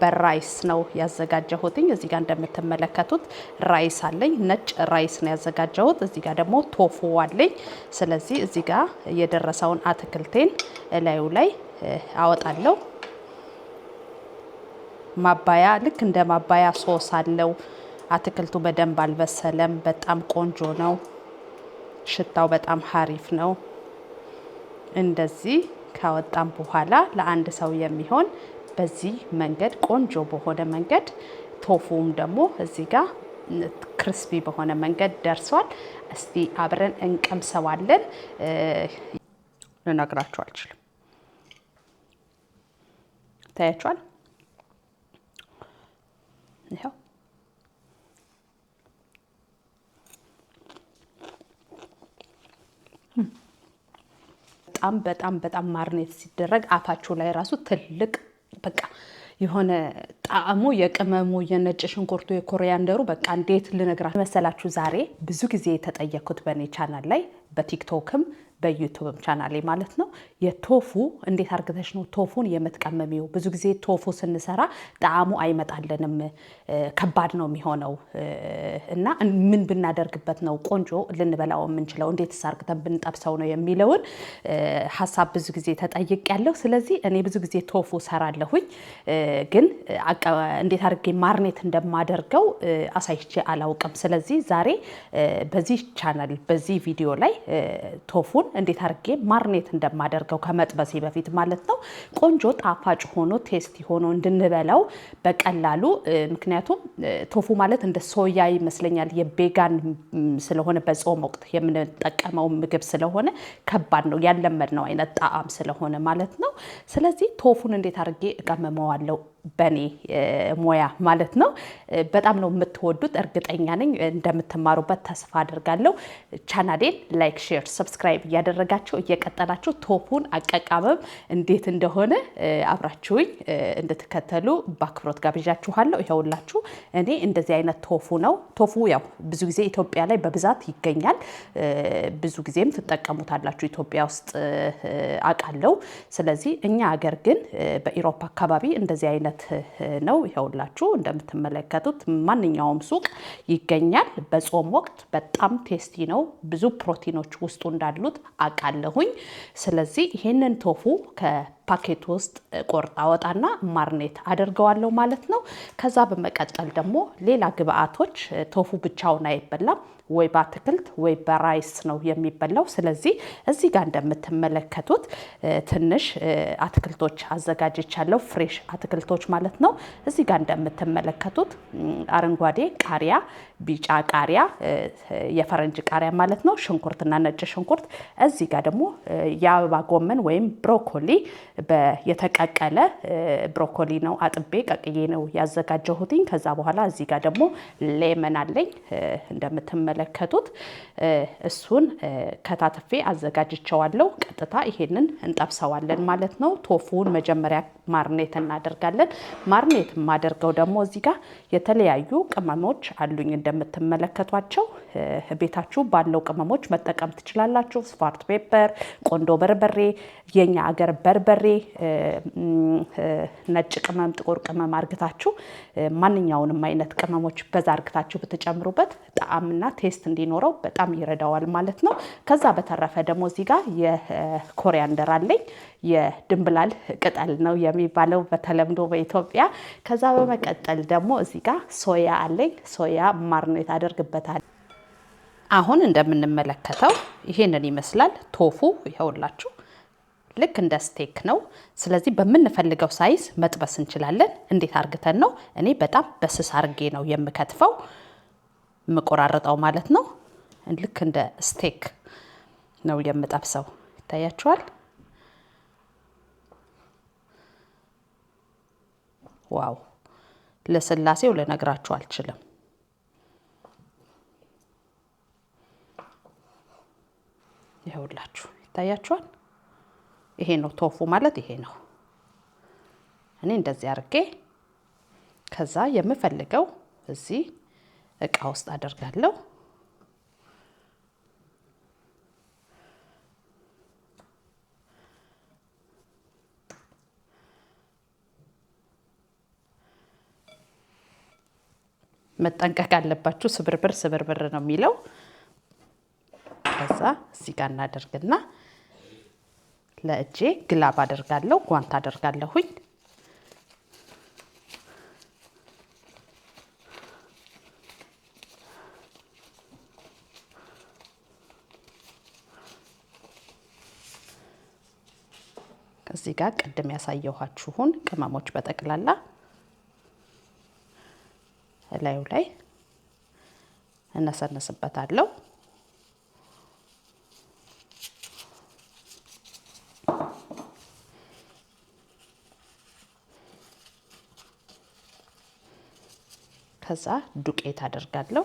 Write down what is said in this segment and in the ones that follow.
በራይስ ነው ያዘጋጀሁትኝ። እዚህ ጋር እንደምትመለከቱት ራይስ አለኝ፣ ነጭ ራይስ ነው ያዘጋጀሁት። እዚህ ጋር ደግሞ ቶፉ አለኝ። ስለዚህ እዚህ ጋር የደረሰውን አትክልቴን እላዩ ላይ አወጣለሁ። ማባያ ልክ እንደ ማባያ ሶስ አለው። አትክልቱ በደንብ አልበሰለም። በጣም ቆንጆ ነው። ሽታው በጣም ሀሪፍ ነው። እንደዚህ ካወጣም በኋላ ለአንድ ሰው የሚሆን በዚህ መንገድ ቆንጆ በሆነ መንገድ ቶፉም ደግሞ እዚህ ጋር ክርስቢ በሆነ መንገድ ደርሷል። እስቲ አብረን እንቀምሰዋለን። ልነግራችሁ አልችልም። ታያችኋል። ይኸው በጣም በጣም በጣም ማርኔት ሲደረግ አፋችሁ ላይ ራሱ ትልቅ በቃ የሆነ ጣዕሙ የቅመሙ የነጭ ሽንኩርቱ የኮሪያንደሩ በቃ እንዴት ልነግራችሁ መሰላችሁ። ዛሬ ብዙ ጊዜ የተጠየኩት በእኔ ቻናል ላይ በቲክቶክም በዩቱብም ቻናሌ ማለት ነው የቶፉ እንዴት አርግተሽ ነው ቶፉን የምትቀመሚው? ብዙ ጊዜ ቶፉ ስንሰራ ጣዕሙ አይመጣልንም፣ ከባድ ነው የሚሆነው እና ምን ብናደርግበት ነው ቆንጆ ልንበላው የምንችለው? እንዴት አርግተን ብንጠብሰው ነው የሚለውን ሀሳብ ብዙ ጊዜ ተጠይቅ ያለው ስለዚህ እኔ ብዙ ጊዜ ቶፉ ሰራለሁኝ ግን እንዴት አድርጌ ማርኔት እንደማደርገው አሳይቼ አላውቅም። ስለዚህ ዛሬ በዚህ ቻናል በዚህ ቪዲዮ ላይ ቶፉን እንዴት አድርጌ ማርኔት እንደማደርገው ከመጥበሴ በፊት ማለት ነው ቆንጆ ጣፋጭ ሆኖ ቴስቲ ሆኖ እንድንበላው በቀላሉ ምክንያቱም ቶፉ ማለት እንደ ሶያ ይመስለኛል የቤጋን ስለሆነ በጾም ወቅት የምንጠቀመው ምግብ ስለሆነ ከባድ ነው ያለመድነው አይነት ጣዕም ስለሆነ ማለት ነው። ስለዚህ ቶፉን እንዴት አድርጌ እቀመመዋለሁ በኔ ሙያ ማለት ነው። በጣም ነው የምትወዱት፣ እርግጠኛ ነኝ እንደምትማሩበት ተስፋ አድርጋለሁ። ቻናሌን ላይክ፣ ሼር፣ ሰብስክራይብ እያደረጋችሁ እየቀጠላችሁ ቶፑን አቀቃመም እንዴት እንደሆነ አብራችሁኝ እንድትከተሉ በአክብሮት ጋብዣችኋለሁ። ይኸውላችሁ እኔ እንደዚህ አይነት ቶፉ ነው። ቶፉ ያው ብዙ ጊዜ ኢትዮጵያ ላይ በብዛት ይገኛል። ብዙ ጊዜም ትጠቀሙታላችሁ ኢትዮጵያ ውስጥ አውቃለሁ። ስለዚህ እኛ ሀገር ግን በኢሮፓ አካባቢ እንደዚህ አይነት አይነት ነው። ይኸውላችሁ እንደምትመለከቱት ማንኛውም ሱቅ ይገኛል። በጾም ወቅት በጣም ቴስቲ ነው። ብዙ ፕሮቲኖች ውስጡ እንዳሉት አውቃለሁኝ። ስለዚህ ይሄንን ቶፉ ፓኬት ውስጥ ቆርጣ ወጣና ማርኔት አድርገዋለሁ ማለት ነው። ከዛ በመቀጠል ደግሞ ሌላ ግብአቶች ቶፉ ብቻውን አይበላም። ወይ በአትክልት ወይ በራይስ ነው የሚበላው። ስለዚህ እዚህ ጋር እንደምትመለከቱት ትንሽ አትክልቶች አዘጋጅቻለሁ፣ ፍሬሽ አትክልቶች ማለት ነው። እዚህ ጋር እንደምትመለከቱት አረንጓዴ ቃሪያ፣ ቢጫ ቃሪያ፣ የፈረንጅ ቃሪያ ማለት ነው፣ ሽንኩርትና ነጭ ሽንኩርት። እዚህ ጋር ደግሞ የአበባ ጎመን ወይም ብሮኮሊ የተቀቀለ ብሮኮሊ ነው፣ አጥቤ ቀቅዬ ነው ያዘጋጀሁትኝ። ከዛ በኋላ እዚህ ጋር ደግሞ ሌመን አለኝ እንደምትመለ የምትመለከቱት እሱን ከታትፌ አዘጋጅቸዋለሁ። ቀጥታ ይሄንን እንጠብሰዋለን ማለት ነው። ቶፉን መጀመሪያ ማርኔት እናደርጋለን። ማርኔት የማደርገው ደግሞ እዚህ ጋር የተለያዩ ቅመሞች አሉኝ እንደምትመለከቷቸው። ቤታችሁ ባለው ቅመሞች መጠቀም ትችላላችሁ። ስፋርት ፔፐር፣ ቆንዶ በርበሬ፣ የኛ አገር በርበሬ፣ ነጭ ቅመም፣ ጥቁር ቅመም አርግታችሁ ማንኛውንም አይነት ቅመሞች በዛ አርግታችሁ ብትጨምሩበት ጣዕምና ቴስት እንዲኖረው በጣም ይረዳዋል ማለት ነው። ከዛ በተረፈ ደግሞ እዚህ ጋር የኮሪያንደር አለኝ የድንብላል ቅጠል ነው የሚባለው በተለምዶ በኢትዮጵያ። ከዛ በመቀጠል ደግሞ እዚህ ጋር ሶያ አለኝ። ሶያ ነው አደርግበታል። አሁን እንደምንመለከተው ይሄንን ይመስላል ቶፉ ይኸውላችሁ ልክ እንደ ስቴክ ነው። ስለዚህ በምንፈልገው ሳይዝ መጥበስ እንችላለን። እንዴት አርግተን ነው? እኔ በጣም በስስ አርጌ ነው የምከትፈው። የምቆራረጠው ማለት ነው። ልክ እንደ ስቴክ ነው የምጠብሰው። ይታያችኋል። ዋው ለስላሴው ልነግራችሁ አልችልም። ይኸውላችሁ ይታያችኋል። ይሄ ነው ቶፉ ማለት ይሄ ነው። እኔ እንደዚህ አድርጌ ከዛ የምፈልገው እዚህ እቃ ውስጥ አደርጋለሁ። መጠንቀቅ አለባችሁ። ስብርብር ስብርብር ነው የሚለው። ከዛ እዚህ ጋር እናደርግና ለእጄ ግላብ አደርጋለሁ፣ ጓንት አደርጋለሁኝ። ከዚህ ጋር ቅድም ያሳየኋችሁን ቅመሞች በጠቅላላ እላዩ ላይ እነሰነስበታለሁ። ከዛ ዱቄት አደርጋለሁ።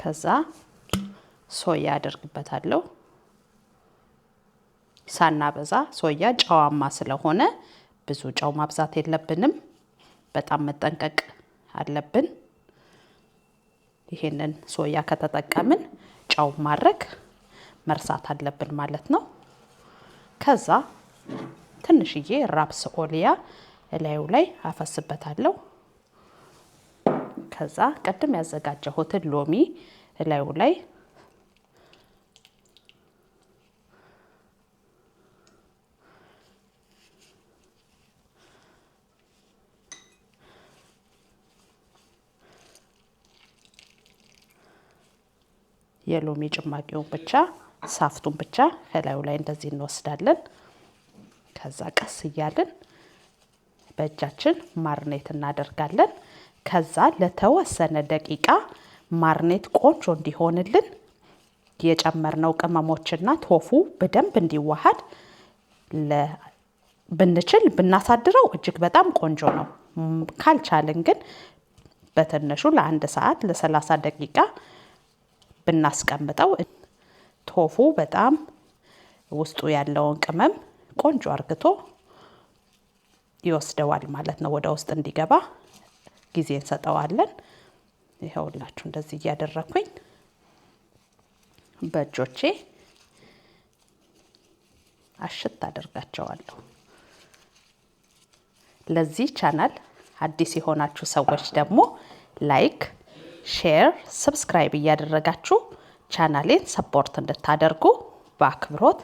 ከዛ ሶያ አደርግበታለሁ። ሳናበዛ ሶያ ጨዋማ ስለሆነ ብዙ ጨው ማብዛት የለብንም። በጣም መጠንቀቅ አለብን። ይሄንን ሶያ ከተጠቀምን ጨው ማድረግ መርሳት አለብን ማለት ነው። ከዛ ትንሽዬ ራፕስ ኦሊያ እላዩ ላይ አፈስበታለሁ። ከዛ ቅድም ያዘጋጀሁትን ሎሚ እላዩ ላይ የሎሚ ጭማቂውን ብቻ ሳፍቱን ብቻ ከላዩ ላይ እንደዚህ እንወስዳለን። ከዛ ቀስ እያልን በእጃችን ማርኔት እናደርጋለን። ከዛ ለተወሰነ ደቂቃ ማርኔት ቆንጆ እንዲሆንልን የጨመርነው ቅመሞችና ቶፉ በደንብ እንዲዋሃድ ብንችል ብናሳድረው እጅግ በጣም ቆንጆ ነው። ካልቻልን ግን በትንሹ ለአንድ ሰዓት ለሰላሳ ደቂቃ ብናስቀምጠው ቶፉ በጣም ውስጡ ያለውን ቅመም ቆንጆ አርግቶ ይወስደዋል ማለት ነው ወደ ውስጥ እንዲገባ ጊዜ እንሰጠዋለን። ይኸውላችሁ እንደዚህ እያደረኩኝ በእጆቼ አሽት አደርጋቸዋለሁ። ለዚህ ቻናል አዲስ የሆናችሁ ሰዎች ደግሞ ላይክ፣ ሼር፣ ሰብስክራይብ እያደረጋችሁ ቻናሌን ሰፖርት እንድታደርጉ በአክብሮት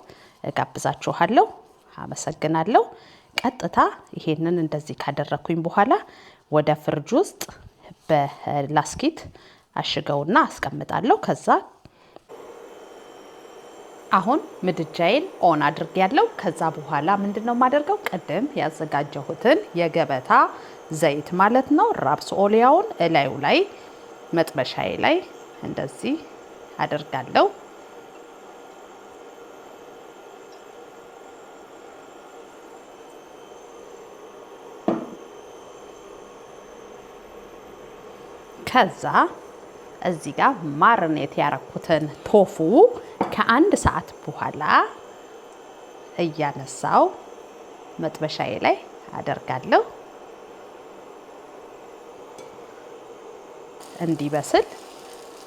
እጋብዛችኋለሁ። አመሰግናለሁ። ቀጥታ ይሄንን እንደዚህ ካደረኩኝ በኋላ ወደ ፍርጅ ውስጥ በላስኪት አሽገውና አስቀምጣለሁ። ከዛ አሁን ምድጃዬን ኦን አድርግ ያለው። ከዛ በኋላ ምንድን ነው የማደርገው? ቅድም ያዘጋጀሁትን የገበታ ዘይት ማለት ነው ራፕስ ኦሊያውን እላዩ ላይ መጥበሻዬ ላይ እንደዚህ አደርጋለሁ። ከዛ እዚህ ጋር ማርኔት ያረኩትን ቶፉ ከአንድ ሰዓት በኋላ እያነሳው መጥበሻዬ ላይ አደርጋለሁ። እንዲበስል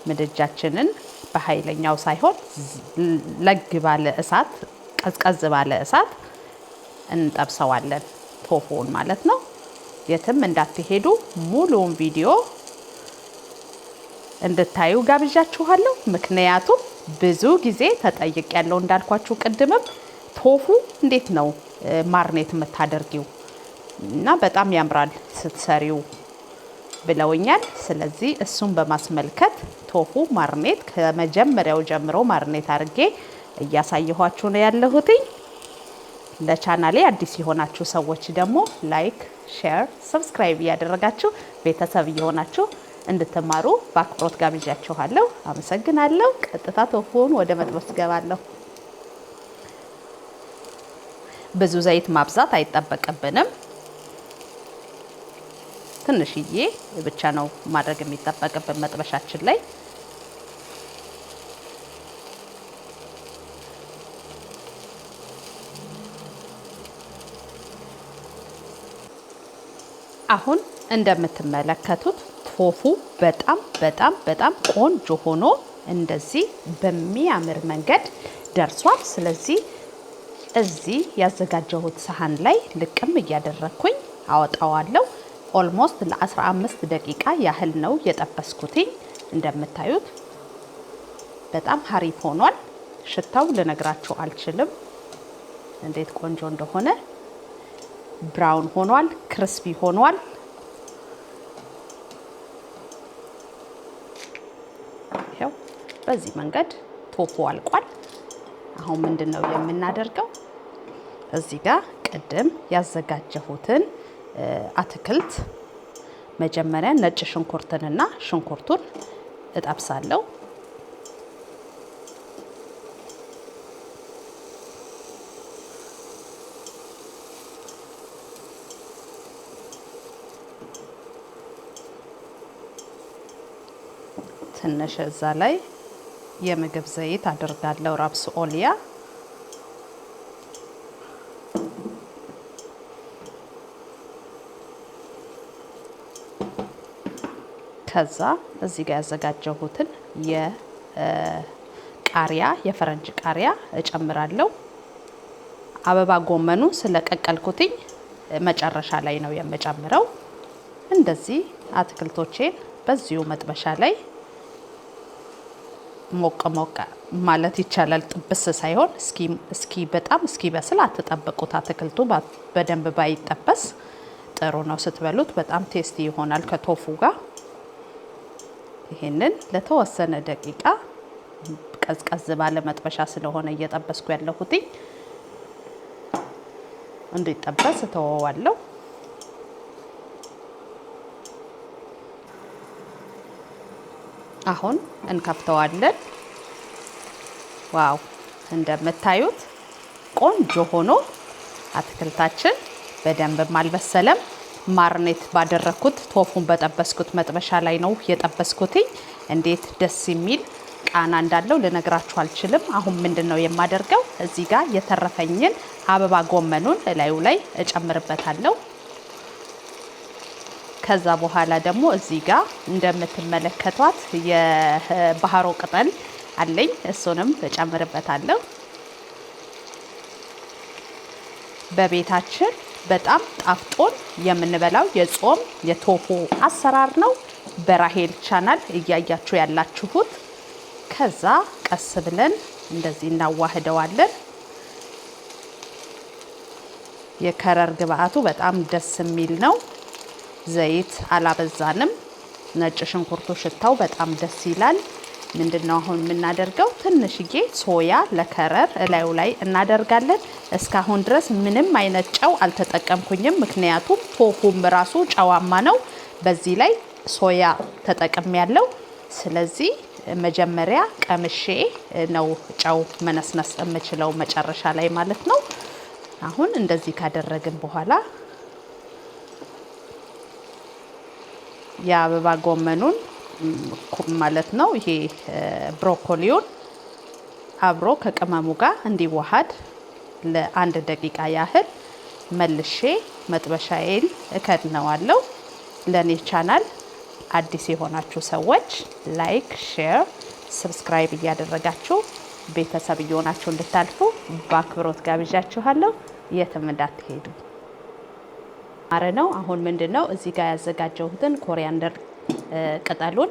ምድጃችንን በኃይለኛው ሳይሆን ለግ ባለ እሳት፣ ቀዝቀዝ ባለ እሳት እንጠብሰዋለን። ቶፎውን ማለት ነው። የትም እንዳትሄዱ ሙሉውን ቪዲዮ እንድታዩ ጋብዣችኋለሁ። ምክንያቱም ብዙ ጊዜ ተጠይቅ ያለው እንዳልኳችሁ ቅድምም ቶፉ እንዴት ነው ማርኔት የምታደርጊው እና በጣም ያምራል ስትሰሪው ብለውኛል። ስለዚህ እሱን በማስመልከት ቶፉ ማርኔት ከመጀመሪያው ጀምሮ ማርኔት አድርጌ እያሳየኋችሁ ነው ያለሁትኝ። ለቻናሌ አዲስ የሆናችሁ ሰዎች ደግሞ ላይክ፣ ሼር፣ ሰብስክራይብ እያደረጋችሁ ቤተሰብ እየሆናችሁ እንድትማሩ በአክብሮት ጋብዣችኋለሁ። አመሰግናለሁ። ቀጥታ ቶፉን ወደ መጥበስ ገባለሁ። ብዙ ዘይት ማብዛት አይጠበቅብንም። ትንሽዬ ብቻ ነው ማድረግ የሚጠበቅብን መጥበሻችን ላይ አሁን እንደምትመለከቱት ፎፉ በጣም በጣም በጣም ቆንጆ ሆኖ እንደዚህ በሚያምር መንገድ ደርሷል። ስለዚህ እዚህ ያዘጋጀሁት ሳህን ላይ ልቅም እያደረግኩኝ አወጣዋለሁ። ኦልሞስት ለ15 ደቂቃ ያህል ነው የጠበስኩትኝ። እንደምታዩት በጣም ሀሪፍ ሆኗል። ሽታው ልነግራችሁ አልችልም እንዴት ቆንጆ እንደሆነ። ብራውን ሆኗል፣ ክርስፒ ሆኗል። በዚህ መንገድ ቶፖ አልቋል። አሁን ምንድን ነው የምናደርገው? እዚህ ጋር ቅድም ያዘጋጀሁትን አትክልት መጀመሪያ ነጭ ሽንኩርትንና ሽንኩርቱን እጠብሳለሁ። ትንሽ እዛ ላይ የምግብ ዘይት አድርጋለሁ ራፕስ ኦሊያ ከዛ እዚህ ጋር ያዘጋጀሁትን የቃሪያ የፈረንጅ ቃሪያ እጨምራለሁ። አበባ ጎመኑ ስለቀቀልኩትኝ መጨረሻ ላይ ነው የምጨምረው። እንደዚህ አትክልቶቼን በዚሁ መጥበሻ ላይ ሞቀ ሞቀ ማለት ይቻላል። ጥብስ ሳይሆን እስኪ በጣም እስኪ በስል አትጠብቁት። አትክልቱ በደንብ ባይጠበስ ጥሩ ነው። ስትበሉት በጣም ቴስቲ ይሆናል ከቶፉ ጋር። ይሄንን ለተወሰነ ደቂቃ ቀዝቀዝ ባለ መጥበሻ ስለሆነ እየጠበስኩ ያለሁት እንዲጠበስ እተወዋለሁ። አሁን እንከፍተዋለን። ዋው እንደምታዩት ቆንጆ ሆኖ አትክልታችን በደንብም አልበሰለም። ማርኔት ባደረግኩት ቶፉን በጠበስኩት መጥበሻ ላይ ነው የጠበስኩትኝ። እንዴት ደስ የሚል ቃና እንዳለው ልነግራችሁ አልችልም። አሁን ምንድን ነው የማደርገው? እዚህ ጋር የተረፈኝን አበባ ጎመኑን እላዩ ላይ እጨምርበታለሁ። ከዛ በኋላ ደግሞ እዚህ ጋር እንደምትመለከቷት የባህሮ ቅጠል አለኝ። እሱንም እጨምርበታለሁ። በቤታችን በጣም ጣፍጦን የምንበላው የጾም የቶፎ አሰራር ነው። በራሄል ቻናል እያያችሁ ያላችሁት። ከዛ ቀስ ብለን እንደዚህ እናዋህደዋለን። የከረር ግብአቱ በጣም ደስ የሚል ነው። ዘይት አላበዛንም። ነጭ ሽንኩርቱ ሽታው በጣም ደስ ይላል። ምንድነው አሁን የምናደርገው? ትንሽዬ ሶያ ለከረር እላዩ ላይ እናደርጋለን። እስካሁን ድረስ ምንም አይነት ጨው አልተጠቀምኩኝም፣ ምክንያቱም ቶፉም ራሱ ጨዋማ ነው። በዚህ ላይ ሶያ ተጠቅም ያለው ስለዚህ መጀመሪያ ቀምሼ ነው ጨው መነስነስ የምችለው መጨረሻ ላይ ማለት ነው። አሁን እንደዚህ ካደረግን በኋላ የአበባ ጎመኑን ማለት ነው ይሄ ብሮኮሊውን አብሮ ከቅመሙ ጋር እንዲዋሃድ ለአንድ ደቂቃ ያህል መልሼ መጥበሻዬን እከድነዋለሁ። ለእኔ ቻናል አዲስ የሆናችሁ ሰዎች ላይክ፣ ሼር፣ ሰብስክራይብ እያደረጋችሁ ቤተሰብ እየሆናችሁ እንድታልፉ በአክብሮት ጋብዣችኋለሁ። የትም እንዳትሄዱ። ማረ ነው። አሁን ምንድን ነው እዚህ ጋር ያዘጋጀሁትን ኮሪያንደር ቅጠሉን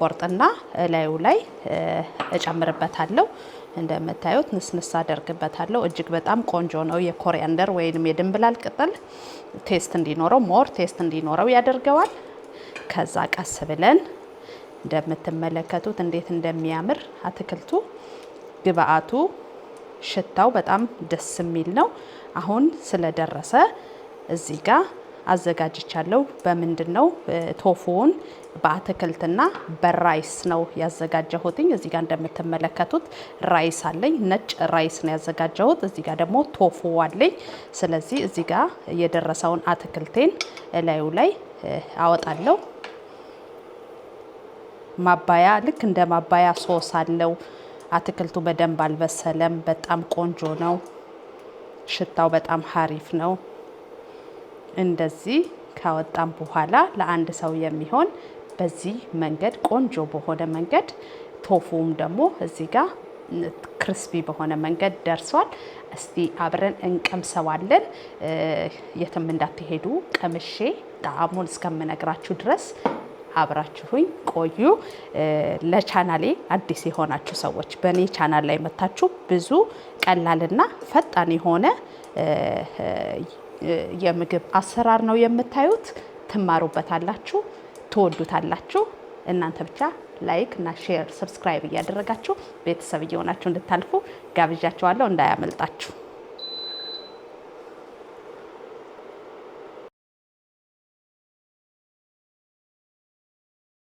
ቆርጥና እላዩ ላይ እጨምርበታለሁ። እንደምታዩት ንስንስ አደርግበታለሁ። እጅግ በጣም ቆንጆ ነው። የኮሪያንደር ወይንም የድንብላል ቅጠል ቴስት እንዲኖረው ሞር ቴስት እንዲኖረው ያደርገዋል። ከዛ ቀስ ብለን እንደምትመለከቱት እንዴት እንደሚያምር አትክልቱ፣ ግብአቱ፣ ሽታው በጣም ደስ የሚል ነው። አሁን ስለደረሰ እዚህ ጋር አዘጋጅቻለሁ። በምንድን ነው ቶፉውን በአትክልትና በራይስ ነው ያዘጋጀሁትኝ። እዚህ ጋር እንደምትመለከቱት ራይስ አለኝ፣ ነጭ ራይስ ነው ያዘጋጀሁት። እዚህ ጋር ደግሞ ቶፉ አለኝ። ስለዚህ እዚህ ጋር የደረሰውን አትክልቴን እላዩ ላይ አወጣለሁ። ማባያ ልክ እንደ ማባያ ሶስ አለው። አትክልቱ በደንብ አልበሰለም። በጣም ቆንጆ ነው። ሽታው በጣም ሀሪፍ ነው። እንደዚህ ካወጣም በኋላ ለአንድ ሰው የሚሆን በዚህ መንገድ ቆንጆ በሆነ መንገድ ቶፉም ደግሞ እዚህ ጋር ክርስፒ በሆነ መንገድ ደርሷል። እስቲ አብረን እንቀምሰዋለን። የትም እንዳትሄዱ ቀምሼ ጣዕሙን እስከምነግራችሁ ድረስ አብራችሁኝ ቆዩ። ለቻናሌ አዲስ የሆናችሁ ሰዎች በእኔ ቻናል ላይ መታችሁ ብዙ ቀላልና ፈጣን የሆነ የምግብ አሰራር ነው የምታዩት። ትማሩበታላችሁ፣ ትወዱታላችሁ። እናንተ ብቻ ላይክ እና ሼር፣ ሰብስክራይብ እያደረጋችሁ ቤተሰብ እየሆናችሁ እንድታልፉ ጋብዣችኋለሁ፣ እንዳያመልጣችሁ።